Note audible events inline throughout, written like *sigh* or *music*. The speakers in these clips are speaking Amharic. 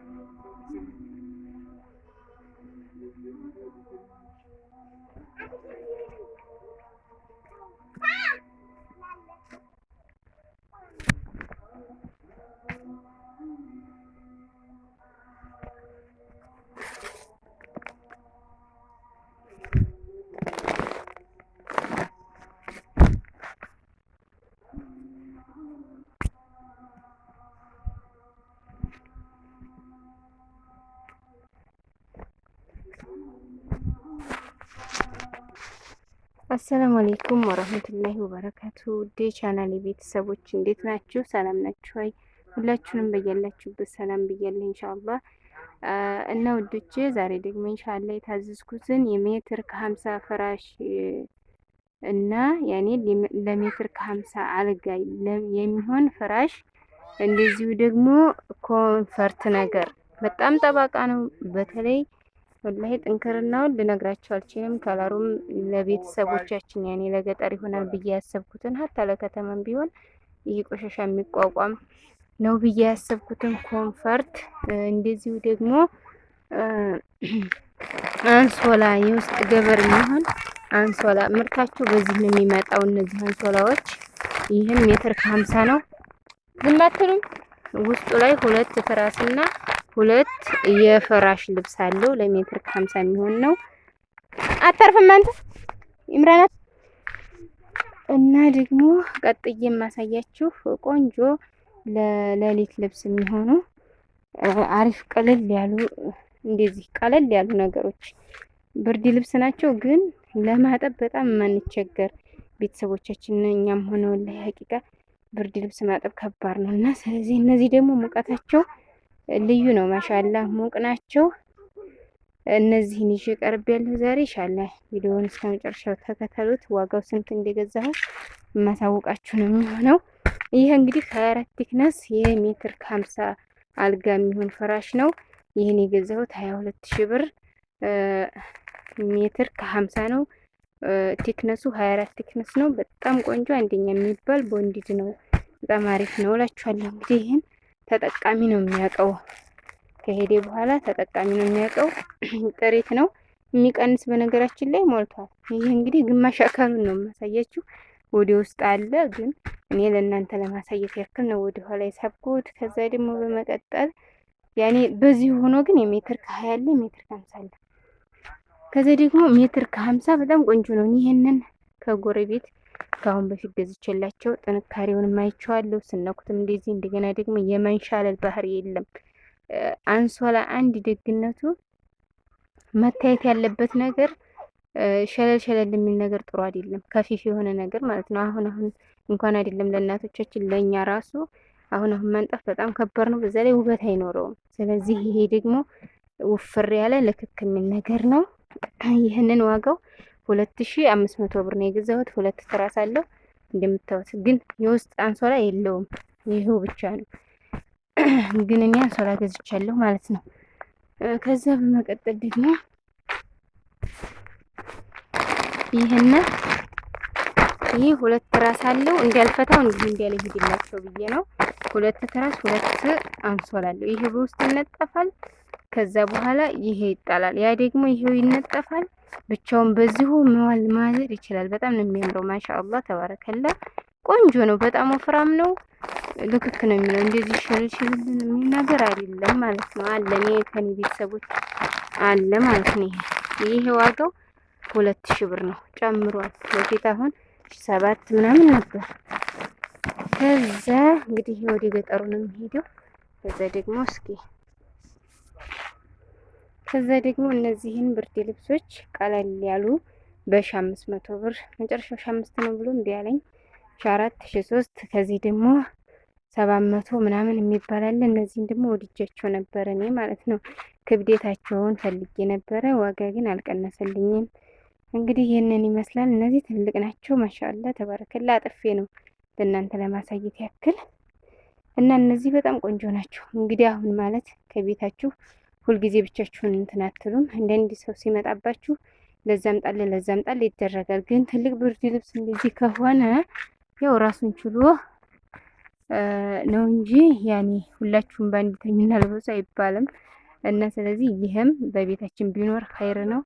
Thank you. አሰላሙ አሌይኩም ወረህመቱላሂ ወበረካቱ ዴ ቻናል የቤተሰቦች እንዴት ናችሁ? ሰላም ናችሁ ወይ? ሁላችሁንም በያላችሁበት ሰላም ብያለሁ ኢንሻአላህ። እና ውዶቼ ዛሬ ደግሞ ኢንሻአላህ የታዘዝኩትን የሜትር ከሀምሳ ፍራሽ እና ያኔ ለሜትር ከሀምሳ አልጋ የሚሆን ፍራሽ እንደዚሁ ደግሞ ኮንፈርት ነገር በጣም ጠባቃ ነው በተለይ ወላሂ ጥንክርናውን ልነግራቸው አልችልም። ከለሩም ለቤተሰቦቻችን ያኔ ለገጠር ይሆናል ብዬ ያሰብኩትን ሀታ ለከተማም ቢሆን ይህ ቆሻሻ የሚቋቋም ነው ብዬ ያሰብኩትን ኮንፈርት፣ እንደዚሁ ደግሞ አንሶላ የውስጥ ገበር የሚሆን አንሶላ ምርታቸው በዚህ ነው የሚመጣው። እነዚህ አንሶላዎች ይህም ሜትር ከሀምሳ ነው። ዝም አትሉም። ውስጡ ላይ ሁለት ትራስና ሁለት የፍራሽ ልብስ አለው ለሜትር ከ50 የሚሆን ነው። አተርፍም አንተ ይምራናት እና ደግሞ ቀጥዬ የማሳያችሁ ቆንጆ ለሌሊት ልብስ የሚሆኑ አሪፍ ቀለል ያሉ እንደዚህ ቀለል ያሉ ነገሮች ብርድ ልብስ ናቸው፣ ግን ለማጠብ በጣም የማንቸገር ቤተሰቦቻችን እኛም ሆነ ወላሂ ሀቂቃ ብርድ ልብስ ማጠብ ከባድ ነው እና ስለዚህ እነዚህ ደግሞ ሙቀታቸው ልዩ ነው። ማሻላ ሞቅ ናቸው። እነዚህን ይዤ ቀርቤያለሁ ዛሬ። ይሻላ ቪዲዮውን እስከ መጨረሻው ተከተሉት። ዋጋው ስንት እንደገዛሁ የማሳውቃችሁ ነው የሚሆነው። ይህ እንግዲህ ከአራት ቲክነስ የሜትር ከሀምሳ አልጋ የሚሆን ፍራሽ ነው። ይህን የገዛሁት ሀያ ሁለት ሺ ብር ሜትር ከሀምሳ ነው። ቲክነሱ ሀያ አራት ቲክነስ ነው። በጣም ቆንጆ አንደኛ የሚባል ቦንዲድ ነው። በጣም አሪፍ ነው እላችኋለሁ። እንግዲህ ይህን ተጠቃሚ ነው የሚያውቀው። ከሄደ በኋላ ተጠቃሚ ነው የሚያውቀው። *clears throat* ጥሪት ነው የሚቀንስ። በነገራችን ላይ ሞልቷል። ይህ እንግዲህ ግማሽ አካሉን ነው የማሳያችሁ። ወደ ውስጥ አለ፣ ግን እኔ ለእናንተ ለማሳየት ያክል ነው ወደ ኋላ የሳብኩት። ከዛ ደግሞ በመቀጠል ያኔ በዚህ ሆኖ ግን የሜትር ከሀያ አለ፣ ሜትር ከሀምሳ አለ። ከዚህ ደግሞ ሜትር ከሀምሳ በጣም ቆንጆ ነው። ይህንን ከጎረቤት ከአሁን በፊት ገዝቼላቸው ጥንካሬውን ማይቸዋለሁ። ስነኩትም እንደዚህ እንደገና ደግሞ የመንሻለል ባህር የለም። አንሶላ አንድ ደግነቱ መታየት ያለበት ነገር ሸለል ሸለል የሚል ነገር ጥሩ አይደለም። ከፊፍ የሆነ ነገር ማለት ነው። አሁን አሁን እንኳን አይደለም ለእናቶቻችን ለእኛ ራሱ አሁን አሁን መንጠፍ በጣም ከባድ ነው። በዛ ላይ ውበት አይኖረውም። ስለዚህ ይሄ ደግሞ ውፍር ያለ ልክክ የሚል ነገር ነው። *clears throat* ይህንን ዋጋው ሁለት ሺ አምስት መቶ ብር ነው የገዛሁት። ሁለት ትራስ አለው እንደምታዩት፣ ግን የውስጥ አንሶላ የለውም። ይሄው ብቻ ነው። *clears throat* ግን እኔ አንሶላ ገዝቻለሁ ማለት ነው። ከዛ በመቀጠል ደግሞ ይህን ይህ ሁለት ትራስ አለው እንዳልፈታው እንዲህ እንዲያለ ሂድላቸው ብዬ ነው። ሁለት ትራስ ሁለት አንሶላ አለው። ይሄ በውስጥ ይነጠፋል። ከዛ በኋላ ይሄ ይጣላል። ያ ደግሞ ይሄው ይነጠፋል። ብቻውን በዚሁ መዋል ማዘር ይችላል። በጣም ነው የሚያምረው። ማሻአላ ተባረከላ። ቆንጆ ነው። በጣም ወፍራም ነው። ልክክ ነው የሚለው እንደዚህ ሽልሽልን የሚል ነገር አይደለም ማለት ነው። አለ እኔ ከኔ ቤተሰቦች አለ ማለት ነው። ይሄ ይሄ ዋጋው ሁለት ሺህ ብር ነው፣ ጨምሯል። በፊት አሁን ሰባት ምናምን ነበር። ከዛ እንግዲህ ወደ ገጠሩ ነው የሚሄደው። ከዛ ደግሞ እስኪ ከዛ ደግሞ እነዚህን ብርድ ልብሶች ቀለል ያሉ በሺ አምስት መቶ ብር መጨረሻው ሺ አምስት ነው ብሎ እምቢ አለኝ። ሺ አራት ሺ ሶስት ከዚህ ደግሞ ሰባት መቶ ምናምን የሚባላል። እነዚህን ደግሞ ወድጃቸው ነበር እኔ ማለት ነው። ክብደታቸውን ፈልጌ ነበረ፣ ዋጋ ግን አልቀነሰልኝም። እንግዲህ ይህንን ይመስላል። እነዚህ ትልቅ ናቸው። ማሻላ ተባረከላ። አጥፌ ነው ለእናንተ ለማሳየት ያክል እና እነዚህ በጣም ቆንጆ ናቸው። እንግዲህ አሁን ማለት ከቤታችሁ ሁልጊዜ ብቻችሁን እንትን አትሉም። እንደ ሰው ሲመጣባችሁ ለዛም ጣል ለዛም ጣል ይደረጋል። ግን ትልቅ ብርድ ልብስ እንደዚህ ከሆነ ያው ራሱን ችሎ ነው እንጂ ያኔ ሁላችሁም በአንድ ተኝና ልበሱ አይባልም። እና ስለዚህ ይህም በቤታችን ቢኖር ኸይር ነው።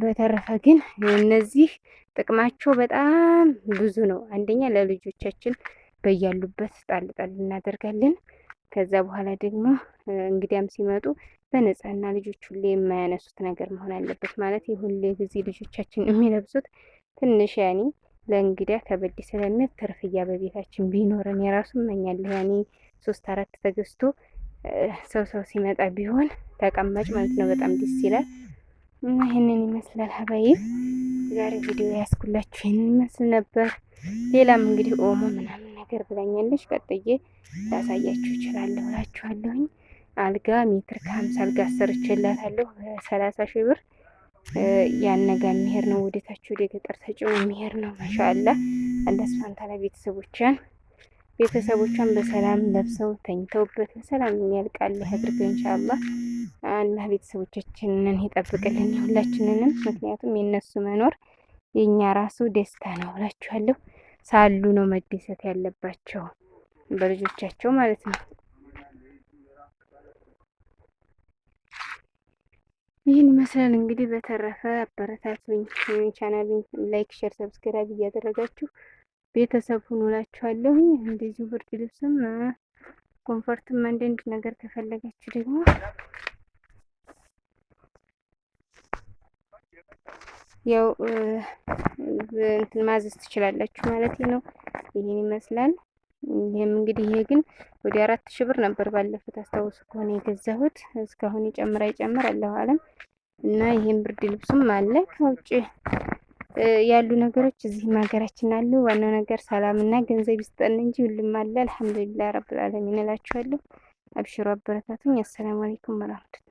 በተረፈ ግን እነዚህ ጥቅማቸው በጣም ብዙ ነው። አንደኛ ለልጆቻችን በያሉበት ጣል ጣል እናደርጋለን። ከዛ በኋላ ደግሞ እንግዲያም ሲመጡ በነጻና ልጆች ሁሌ የማያነሱት ነገር መሆን አለበት። ማለት ሁሌ ጊዜ ልጆቻችን የሚለብሱት ትንሽ ያኔ ለእንግዳ ከበድ ስለሚል ትርፍያ በቤታችን ቢኖረን የራሱ እመኛለሁ። ያኔ ሶስት አራት ተገዝቶ ሰው ሰው ሲመጣ ቢሆን ተቀማጭ ማለት ነው። በጣም ደስ ይላል እና ይህንን ይመስላል ሀባዬ ዛሬ ቪዲዮ ያስኩላችሁ ይህንን ይመስል ነበር። ሌላም እንግዲህ ኦሞ ምናምን ሜትር ብላኛለች። ቀጥዬ ላሳያችሁ እችላለሁ እላችኋለሁኝ። አልጋ ሜትር ከሀምሳ አልጋ አሰርቼላታለሁ በሰላሳ ሺህ ብር ያነጋ የሚሄድ ነው። ወደታች ወደ ገጠር ተጭሞ የሚሄድ ነው። ማሻአላ አላስፋንታላ ቤተሰቦቿን ቤተሰቦቿን በሰላም ለብሰው ተኝተውበት በሰላም የሚያልቃል አድርገ እንሻላ አላህ ቤተሰቦቻችንን ይጠብቅልን ሁላችንንም። ምክንያቱም የነሱ መኖር የእኛ ራሱ ደስታ ነው እላችኋለሁ። ሳሉ ነው መደሰት ያለባቸው በልጆቻቸው ማለት ነው። ይህን ይመስላል እንግዲህ። በተረፈ አበረታቱኝ። ቻናሉን ላይክ፣ ሼር፣ ሰብስክራይብ እያደረጋችሁ ቤተሰብ ሁኑላችኋለሁ። እንደዚሁ ብርድ ልብስም ኮንፈርትም አንዳንድ ነገር ከፈለጋችሁ ደግሞ ያው እንትን ማዘዝ ትችላላችሁ ማለት ነው። ይህን ይመስላል። ይህም እንግዲህ ይሄ ግን ወደ አራት ሺህ ብር ነበር ባለፉት አስታውሱ ከሆነ የገዛሁት። እስካሁን ይጨምራ ይጨምር አለሁ አለም እና ይህም ብርድ ልብሱም አለ ከውጭ ያሉ ነገሮች እዚህም ሀገራችን አሉ። ዋናው ነገር ሰላም እና ገንዘብ ይስጠን እንጂ ሁሉም አለ። አልሐምዱሊላህ ረብል ዓለሚን እላችኋለሁ። አብሽሮ አበረታቱኝ። አሰላሙ አለይኩም ወራህመቱላህ